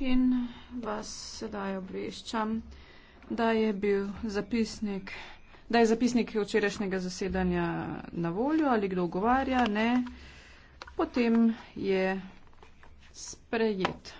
in vas sedaj obveščam, da je bil zapisnik, da je zapisnik včerajšnjega zasedanja na voljo ali kdo ogovarja, ne, potem je sprejet.